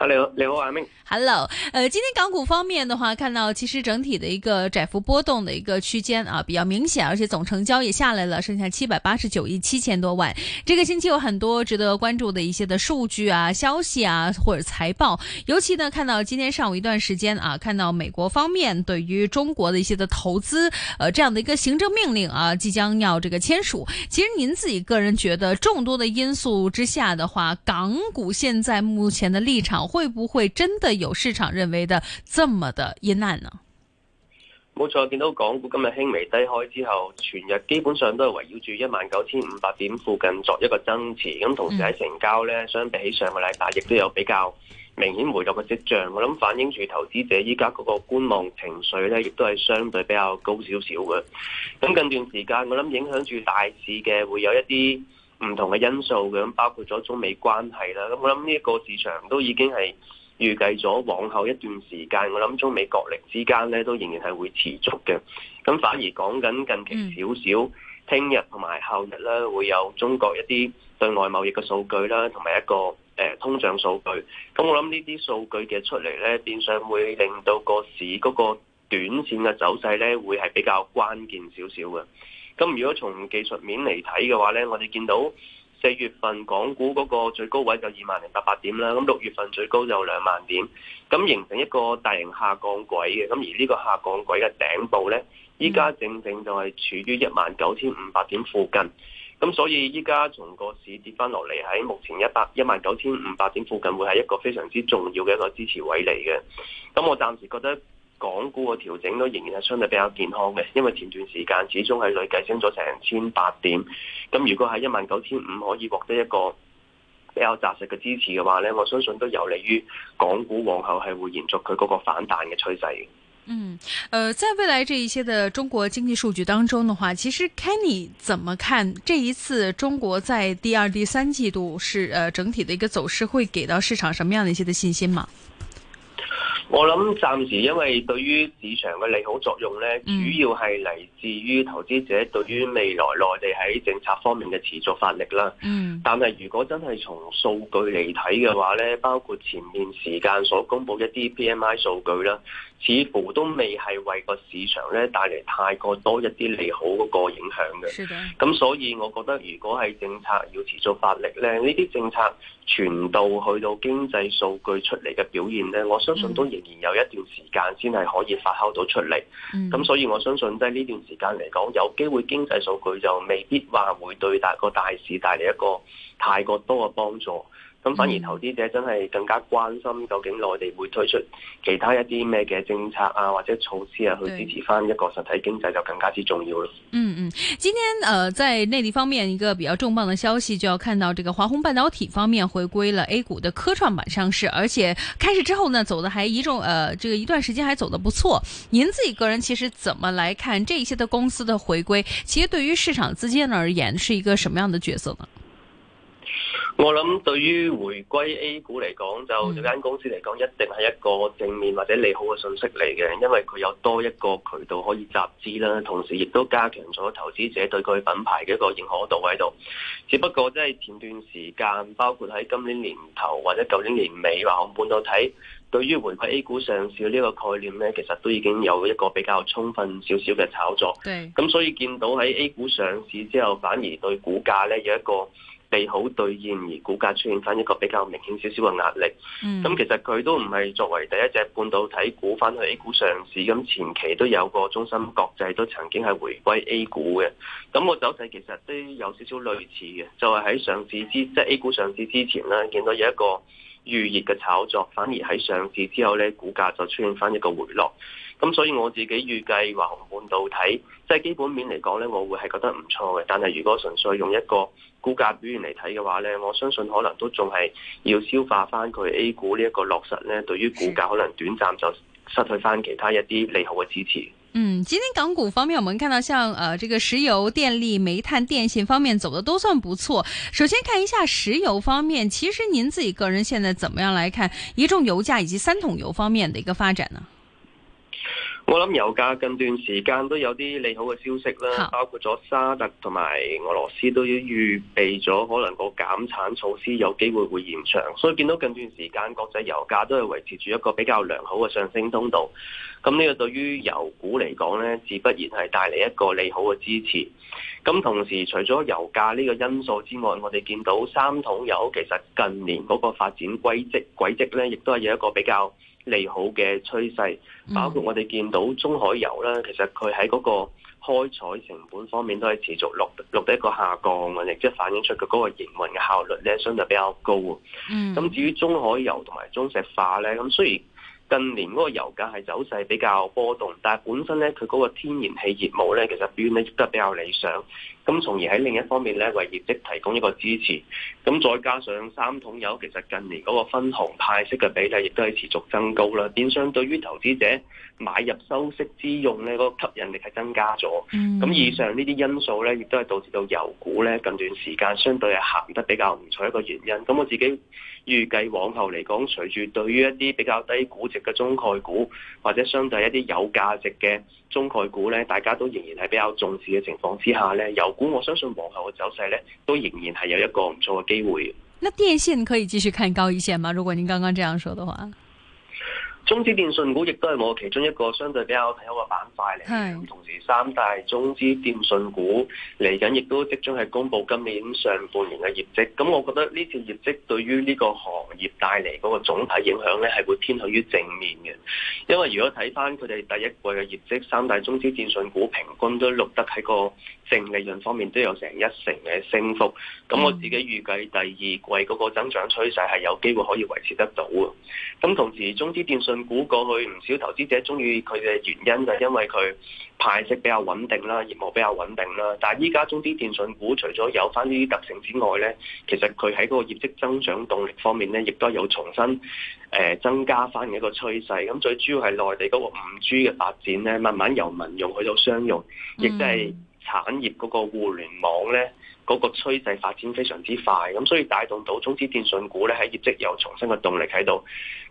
Hello，你好，阿明。Hello，呃，今天港股方面的話，看到其實整體的一個窄幅波動的一個區間啊，比較明顯，而且總成交也下來了，剩下七百八十九億七千多萬。這個星期有很多值得關注的一些的數據啊、消息啊或者財報，尤其呢，看到今天上午一段時間啊，看到美國方面對於中國的一些的投資，呃，這樣的一個行政命令啊，即將要這個簽署。其實您自己個人覺得，眾多的因素之下的話，港股現在目前的立場。會不會真的有市場認為的這麼的陰難呢？冇錯，見到港股今日輕微低開之後，全日基本上都係圍繞住一萬九千五百點附近作一個增持，咁同時喺成交咧，相比起上個禮拜，亦都有比較明顯回落嘅跡象。我諗反映住投資者依家嗰個觀望情緒咧，亦都係相對比較高少少嘅。咁近段時間，我諗影響住大市嘅會有一啲，唔同嘅因素咁，包括咗中美關係啦。咁我諗呢一個市場都已經係預計咗往後一段時間，我諗中美角力之間咧都仍然係會持續嘅。咁反而講緊近期少少，嗯、聽日同埋後日咧會有中國一啲對外貿易嘅數據啦，同埋一個誒、呃、通脹數據。咁我諗呢啲數據嘅出嚟咧，變相會令到個市嗰個短線嘅走勢咧，會係比較關鍵少少嘅。咁如果從技術面嚟睇嘅話咧，我哋見到四月份港股嗰個最高位就二萬零八百點啦，咁六月份最高就兩萬點，咁形成一個大型下降軌嘅，咁而呢個下降軌嘅頂部咧，依家正正就係處於一萬九千五百點附近，咁所以依家從個市跌翻落嚟，喺目前一百一萬九千五百點附近，會係一個非常之重要嘅一個支持位嚟嘅，咁我暫時覺得。港股嘅調整都仍然係相對比較健康嘅，因為前段時間始終係累計升咗成千八點，咁如果喺一萬九千五可以獲得一個比較紮實嘅支持嘅話咧，我相信都有利於港股往後係會延續佢嗰個反彈嘅趨勢。嗯，誒、呃，在未來這一些的中國經濟數據當中的話，其實 Kenny 怎麼看這一次中國在第二、第三季度是誒、呃、整體的一個走勢會給到市場什麼樣的一些的信心嗎？我諗暫時，因為對於市場嘅利好作用咧，嗯、主要係嚟自於投資者對於未來內地喺政策方面嘅持續發力啦。嗯。但係如果真係從數據嚟睇嘅話咧，包括前面時間所公布一啲 PMI 數據啦。似乎都未係為個市場咧帶嚟太過多一啲利好嗰個影響嘅，咁的所以我覺得如果係政策要持續發力咧，呢啲政策傳導去到經濟數據出嚟嘅表現咧，我相信都仍然有一段時間先係可以發酵到出嚟。咁的所以我相信即係呢段時間嚟講，有機會經濟數據就未必話會對大個大市帶嚟一個太過多嘅幫助。咁反而投資者真係更加關心究竟內地會推出其他一啲咩嘅政策啊，或者措施啊去支持翻一個實體經濟就更加之重要啦。嗯嗯，今天呃在內地方面一個比較重磅的消息，就要看到這個華虹半導體方面回歸了 A 股的科創板上市，而且開始之後呢，走得還一眾，呃，這個一段時間還走得不錯。您自己個人其實怎麼來看這些的公司的回歸，其實對於市場資金而言是一個什麼樣的角色呢？我諗對於回歸 A 股嚟講，就呢間公司嚟講，一定係一個正面或者利好嘅信息嚟嘅，因為佢有多一個渠道可以集資啦，同時亦都加強咗投資者對佢品牌嘅一個認可度喺度。只不過即係前段時間，包括喺今年年頭或者舊年年尾，話我換到睇，對於回歸 A 股上市呢個概念呢，其實都已經有一個比較充分少少嘅炒作。咁對所以見到喺 A 股上市之後，反而對股價呢，有一個。利好兌現而股價出現翻一個比較明顯少少嘅壓力，咁、嗯、其實佢都唔係作為第一隻半導體股翻去 A 股上市，咁前期都有個中芯國際都曾經係回歸 A 股嘅，咁個走勢其實都有少少類似嘅，就係、是、喺上市之即係、嗯、A 股上市之前咧，見到有一個預熱嘅炒作，反而喺上市之後咧，股價就出現翻一個回落。咁所以我自己預計華虹半導體即係基本面嚟講呢，我會係覺得唔錯嘅。但係如果純粹用一個股價表現嚟睇嘅話呢，我相信可能都仲係要消化翻佢 A 股呢一個落實呢，對於股價可能短暫就失去翻其他一啲利好嘅支持。嗯，今天港股方面，我們看到像呃這個石油、電力、煤炭、電信方面走得都算不錯。首先看一下石油方面，其實您自己個人現在怎麼樣來看一眾油價以及三桶油方面的一個發展呢？我諗油價近段時間都有啲利好嘅消息啦，包括咗沙特同埋俄羅斯都要預備咗可能個減產措施有機會會延長，所以見到近段時間國際油價都係維持住一個比較良好嘅上升通道。咁呢個對於油股嚟講呢，自不然係帶嚟一個利好嘅支持。咁同時，除咗油價呢個因素之外，我哋見到三桶油其實近年嗰個發展軌跡，軌跡呢亦都係有一個比較。利好嘅趨勢，包括我哋見到中海油咧，其實佢喺嗰個開採成本方面都係持續錄錄得一個下降嘅，亦即係反映出佢嗰個營運嘅效率咧相對比較高啊。咁、嗯、至於中海油同埋中石化咧，咁雖然近年嗰個油價係走勢比較波動，但係本身咧佢嗰個天然氣業務咧，其實表現得比較理想。咁從而喺另一方面咧，為業績提供一個支持。咁再加上三桶油，其實近年嗰個分紅派息嘅比例亦都係持續增高啦。變相對於投資者買入收息之用咧，嗰個吸引力係增加咗。咁、嗯、以上呢啲因素咧，亦都係導致到油股咧近段時間相對係行得比較唔錯一個原因。咁我自己預計往後嚟講，隨住對於一啲比較低估值嘅中概股，或者相對一啲有價值嘅中概股咧，大家都仍然係比較重視嘅情況之下咧，有咁我相信往後嘅走勢呢，都仍然係有一個唔錯嘅機會。那電信可以繼續看高一線嗎？如果您剛剛這樣說的話。中資電信股亦都係我其中一個相對比較睇好嘅板塊嚟，咁的同時三大中資電信股嚟緊亦都即將係公布今年上半年嘅業績，咁我覺得呢次業績對於呢個行業帶嚟嗰個總體影響咧係會偏向於正面嘅，因為如果睇翻佢哋第一季嘅業績，三大中資電信股平均都錄得喺個淨利潤方面都有成一成嘅升幅，咁我自己預計第二季嗰個增長趨勢係有機會可以維持得到嘅，咁同時中資電信股過去唔少投資者中意佢嘅原因就係因為佢派息比較穩定啦，業務比較穩定啦。但係依家中資電訊股除咗有翻呢啲特性之外咧，其實佢喺嗰個業績增長動力方面咧，亦都有重新誒增加翻嘅一個趨勢。咁最主要係內地嗰個五 G 嘅發展咧，慢慢由民用去到商用，亦即係產業嗰個互聯網咧。嗰個趨勢發展非常之快，咁所以帶動到中資電信股咧，喺業績又重新嘅動力喺度。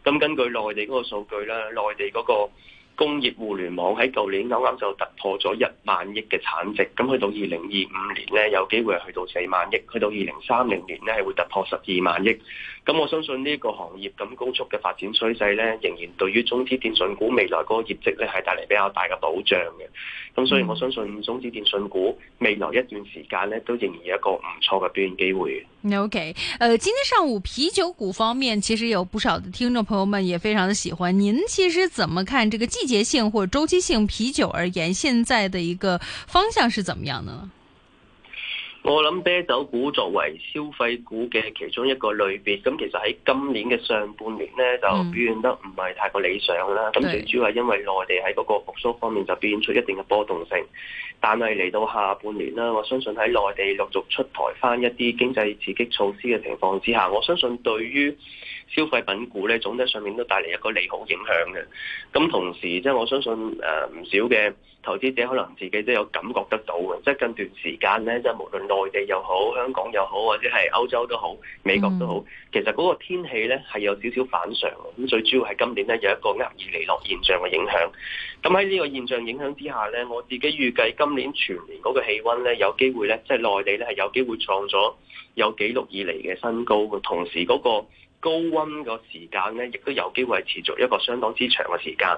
咁根據內地嗰個數據啦，內地嗰個工業互聯網喺舊年啱啱就突破咗一萬億嘅產值，咁去到二零二五年咧，有機會係去到四萬億，去到二零三零年咧，係會突破十二萬億。咁我相信呢個行業咁高速嘅發展趨勢呢，仍然對於中資電信股未來嗰個業績呢係帶嚟比較大嘅保障嘅。咁所以我相信中資電信股未來一段時間呢，都仍然有一個唔錯嘅表現機會。OK，誒、呃，今天上午啤酒股方面，其實有不少嘅聽眾朋友們也非常的喜歡。您其實怎麼看這個季節性或者週期性啤酒而言，現在的一個方向是怎麼樣呢？我諗啤酒股作為消費股嘅其中一個類別，咁其實喺今年嘅上半年咧就表現得唔係太過理想啦。咁最主要係因為內地喺嗰個復蘇方面就表現出一定嘅波動性，但係嚟到下半年啦，我相信喺內地陸續出台翻一啲經濟刺激措施嘅情況之下，我相信對於消費品股咧總體上面都帶嚟一個利好影響嘅，咁同時即係、就是、我相信誒唔、呃、少嘅投資者可能自己都有感覺得到嘅，即、就、係、是、近段時間咧，即、就、係、是、無論內地又好、香港又好，或者係歐洲都好、美國都好，其實嗰個天氣咧係有少少反常，咁最主要係今年咧有一個厄爾尼諾現象嘅影響。咁喺呢個現象影響之下咧，我自己預計今年全年嗰個氣温咧有機會咧，即、就、係、是、內地咧係有機會創咗有紀錄以嚟嘅新高嘅，同時嗰、那個。高温個時間咧，亦都有機會持續一個相當之長嘅時間。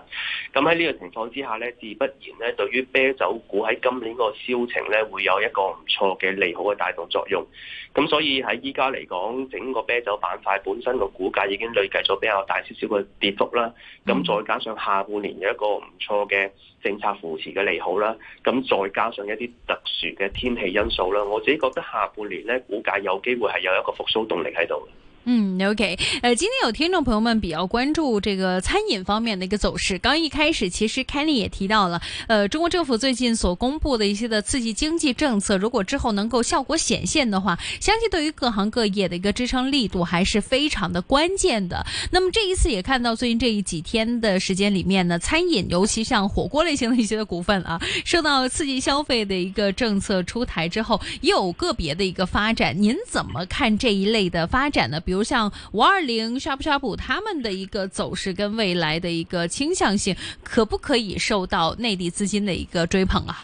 咁喺呢個情況之下咧，自不然咧，對於啤酒股喺今年個銷情咧，會有一個唔錯嘅利好嘅帶動作用。咁所以喺依家嚟講，整個啤酒板塊本身個股價已經累計咗比較大少少嘅跌幅啦。咁再加上下半年有一個唔錯嘅政策扶持嘅利好啦，咁再加上一啲特殊嘅天氣因素啦，我自己覺得下半年咧股價有機會係有一個復甦動力喺度。嗯，OK，呃，今天有聽眾朋友們比較關注這個餐飲方面的一個走勢。剛一開始，其實 Kenny 也提到了，呃，中國政府最近所公布的一些的刺激經濟政策，如果之後能夠效果顯現的話，相信對於各行各業的一個支撐力度還是非常的關鍵的。那麼這一次也看到最近這一幾天的時間裏面呢，餐飲，尤其像火鍋類型的一些的股份啊，受到刺激消費的一個政策出台之後，也有個別的一個發展。您怎麼看這一類的發展呢？比如。不像五二零呷哺呷哺他們的一個走勢跟未來的一個傾向性，可不可以受到內地資金的一個追捧啊？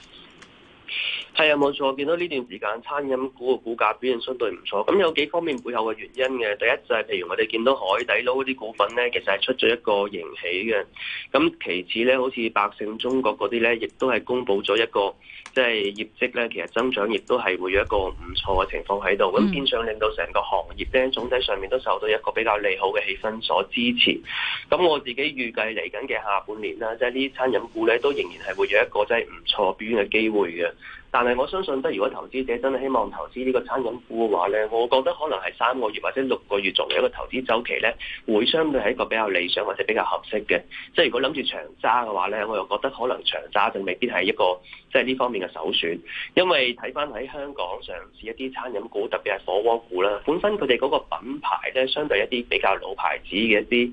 係啊，冇錯，見到呢段時間餐飲股嘅股價表現相對唔錯。咁有幾方面背後嘅原因嘅。第一就係譬如我哋見到海底撈啲股份咧，其實係出咗一個盈喜嘅。咁其次咧，好似百勝中國嗰啲咧，亦都係公佈咗一個即係、就是、業績咧，其實增長亦都係會有一個唔錯嘅情況喺度。咁變相令到成個行業咧，總體上面都受到一個比較利好嘅氣氛所支持。咁我自己預計嚟緊嘅下半年啦，即、就、係、是、呢啲餐飲股咧，都仍然係會有一個即係唔錯表現嘅機會嘅。但係我相信得，如果投資者真係希望投資呢個餐飲股嘅話呢，我覺得可能係三個月或者六個月仲有一個投資週期呢會相對係一個比較理想或者比較合適嘅。即係如果諗住長揸嘅話呢，我又覺得可能長揸就未必係一個即係呢方面嘅首選，因為睇返喺香港上市一啲餐飲股，特別係火鍋股啦，本身佢哋嗰個品牌呢，相對一啲比較老牌子嘅一啲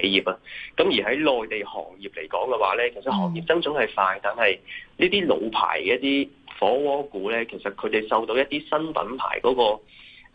企業啊。咁而喺內地行業嚟講嘅話呢，其實行業增長係快，但係呢啲老牌嘅一啲火鍋股咧，其實佢哋受到一啲新品牌嗰個。誒嗰、呃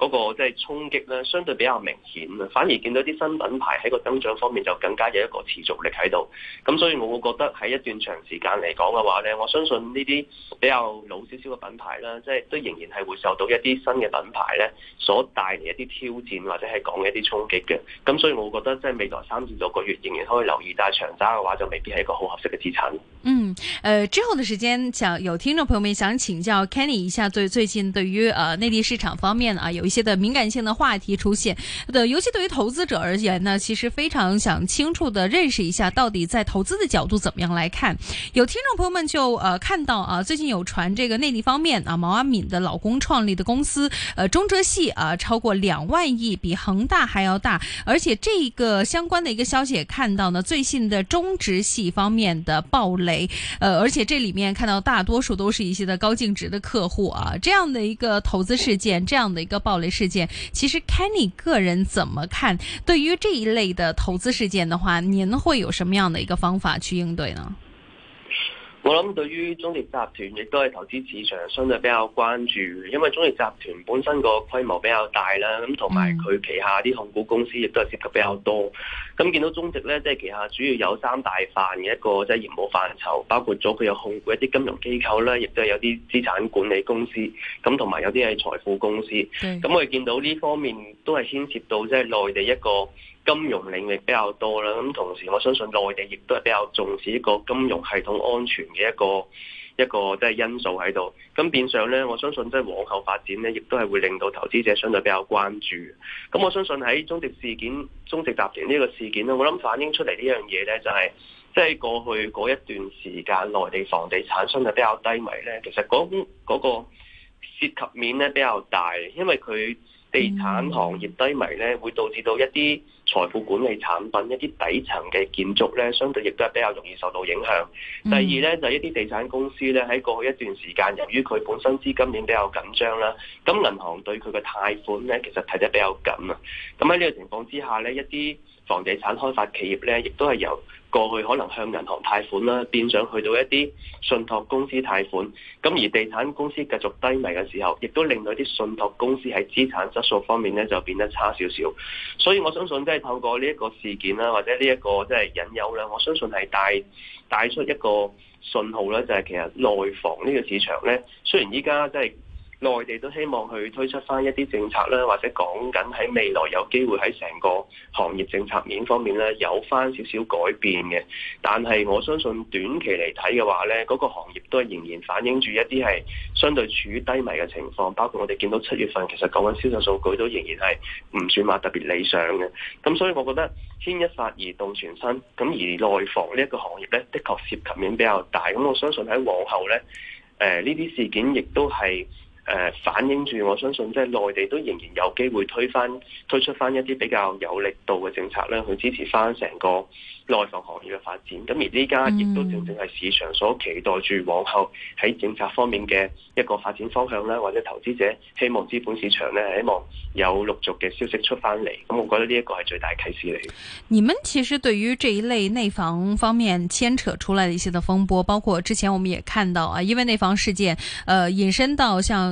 那個即係衝擊咧，相對比較明顯啊，反而見到啲新品牌喺個增長方面就更加有一個持續力喺度。咁所以我會覺得喺一段長時間嚟講嘅話咧，我相信呢啲比較老少少嘅品牌啦，即係都仍然係會受到一啲新嘅品牌咧所帶嚟一啲挑戰或者係講嘅一啲衝擊嘅。咁所以我覺得即係未來三至六個月仍然可以留意，但係長揸嘅話就未必係一個好合適嘅資產。嗯，誒、呃、之後嘅時間想有聽眾朋友們想請教 Kenny 一下，最最近對於誒內、呃、地市場。場方面啊，有一些的敏感性的話題出現，的尤其對於投資者而言呢，其實非常想清楚的認識一下，到底在投資的角度怎麼樣來看。有聽眾朋友們就呃看到啊，最近有傳這個內地方面啊，毛阿敏的老公創立的公司，呃中植系啊、呃、超過兩萬億，比恒大還要大，而且這個相關的一個消息也看到呢，最近的中植系方面的爆雷，呃而且這裏面看到大多數都是一些的高淨值的客戶啊，這樣的一個投資事件。這樣的一個暴雷事件，其實 Kenny 個人怎麼看？對於這一類的投資事件的話，您會有什麼樣的一個方法去應對呢？我諗對於中植集團亦都係投資市場相對比較關注，因為中植集團本身個規模比較大啦，咁同埋佢旗下啲控股公司亦都係涉及比較多。咁見到中植咧，即係旗下主要有三大範嘅一個即係業務範疇，包括咗佢有控股一啲金融機構啦，亦都係有啲資產管理公司，咁同埋有啲係財富公司。咁是的我哋見到呢方面都係牽涉到即係內地一個。金融領域比較多啦，咁同時我相信內地亦都係比較重視一個金融系統安全嘅一個一個即係因素喺度。咁變相呢，我相信即係往後發展呢，亦都係會令到投資者相對比較關注。咁我相信喺中植事件、中植集團呢個事件呢，我諗反映出嚟呢樣嘢呢，就係即係過去嗰一段時間內地房地產相對比較低迷呢。其實嗰、嗰個嗰個涉及面呢，比較大，因為佢。地產行業低迷咧，會導致到一啲財富管理產品、一啲底層嘅建築咧，相對亦都係比較容易受到影響。第二咧，就係一啲地產公司咧，喺過去一段時間，由於佢本身資金鏈比較緊張啦，咁銀行對佢嘅貸款咧，其實睇得比較緊啊。咁喺呢個情況之下咧，一啲。房地產開發企業咧，亦都係由過去可能向銀行貸款啦，變相去到一啲信託公司貸款。咁而地產公司繼續低迷嘅時候，亦都令到啲信託公司喺資產質素方面咧，就變得差少少。所以我相信，即係透過呢一個事件啦，或者呢一個即係引誘咧，我相信係帶帶出一個信號啦，就係其實內房呢個市場咧，雖然依家即係。內地都希望去推出翻一啲政策啦，或者講緊喺未來有機會喺成個行業政策面方面咧有翻少少改變嘅。但係我相信短期嚟睇嘅話咧，嗰個行業都係仍然反映住一啲係相對處於低迷嘅情況。包括我哋見到七月份其實講緊銷售數據都仍然係唔算話特別理想嘅。咁所以我覺得牽一發而動全身。咁而內房呢一個行業咧，的確涉及面比較大。咁我相信喺往後咧，誒呢啲事件亦都係。誒、呃，反映住我相信即係內地都仍然有機會推翻推出翻一啲比較有力度嘅政策咧，去支持翻成個內房行業嘅發展。咁而呢家亦都正正係市場所期待住往後喺政策方面嘅一個發展方向咧，或者投資者希望資本市場咧，希望有陸續嘅消息出翻嚟。咁、嗯、我覺得呢一個係最大啟示嚟。你們其實對於這一類內房方面牽扯出來的一些的風波，包括之前我們也看到啊，因為內房事件，誒、呃、引申到像。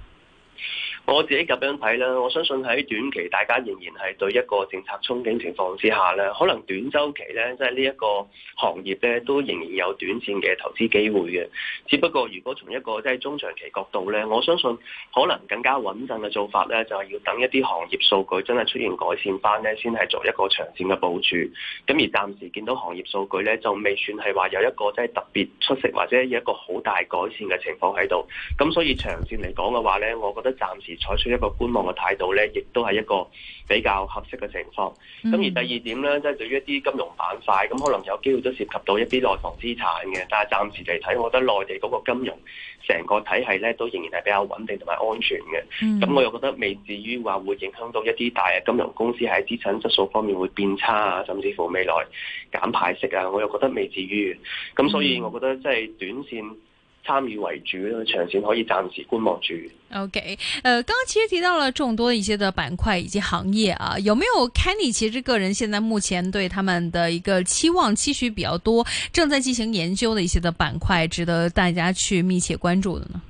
我自己咁樣睇啦，我相信喺短期大家仍然係對一個政策憧憬情況之下咧，可能短周期咧，即係呢一個行業咧都仍然有短線嘅投資機會嘅。只不過如果從一個即係中長期角度咧，我相信可能更加穩陣嘅做法咧，就係要等一啲行業數據真係出現改善翻咧，先係做一個長線嘅部署。咁而暫時見到行業數據咧，就未算係話有一個即係特別出色或者有一個好大改善嘅情況喺度。咁所以長線嚟講嘅話咧，我覺得暫時。採取一個觀望嘅態度咧，亦都係一個比較合適嘅情況。咁、嗯、而第二點咧，即、就、係、是、對於一啲金融板塊，咁可能有機會都涉及到一啲內房資產嘅。但係暫時嚟睇，我覺得內地嗰個金融成個體系咧，都仍然係比較穩定同埋安全嘅。咁、嗯、我又覺得未至於話會影響到一啲大嘅金融公司喺資產質素方面會變差啊，甚至乎未來減派息啊。我又覺得未至於。咁所以，我覺得即係短線。參與為主啦，長線可以暫時觀望住。OK，呃，剛剛其實提到了眾多一些的板塊以及行業啊，有沒有 Kenny，其實個人現在目前對他們的一個期望期許比較多，正在進行研究的一些的板塊，值得大家去密切關注的呢？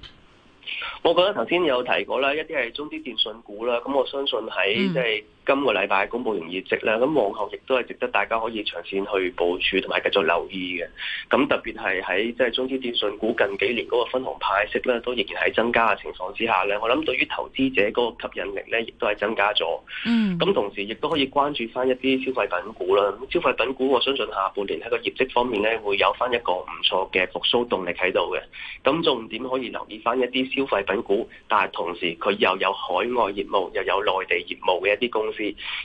我覺得頭先有提過啦，一啲係中資電信股啦，咁我相信喺即係。今個禮拜公布完業績啦，咁往後亦都係值得大家可以長線去部署同埋繼續留意嘅。咁特別係喺即係中資電信股近幾年嗰個分紅派息咧，都仍然喺增加嘅情況之下咧，我諗對於投資者嗰個吸引力咧，亦都係增加咗。嗯。咁同時亦都可以關注翻一啲消費品股啦。消費品股我相信下半年喺個業績方面咧，會有翻一個唔錯嘅復甦動力喺度嘅。咁重點可以留意翻一啲消費品股，但係同時佢又有海外業務又有內地業務嘅一啲公。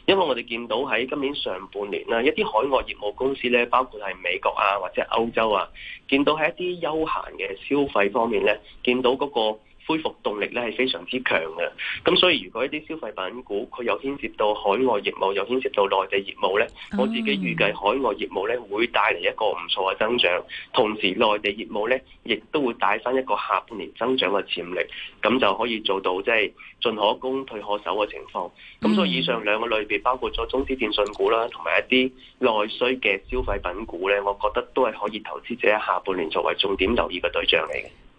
因為我哋見到喺今年上半年啦，一啲海外業務公司咧，包括係美國啊或者歐洲啊，見到喺一啲休閒嘅消費方面咧，見到嗰個。恢復動力咧係非常之強嘅，咁所以如果一啲消費品股佢又牽涉到海外業務，又牽涉到內地業務咧，我自己預計海外業務咧會帶嚟一個唔錯嘅增長，同時內地業務咧亦都會帶翻一個下半年增長嘅潛力，咁就可以做到即係進可攻退可守嘅情況。咁所以以上兩個類別，包括咗中資電信股啦，同埋一啲內需嘅消費品股咧，我覺得都係可以投資者下半年作為重點留意嘅對象嚟嘅。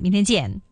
明天見。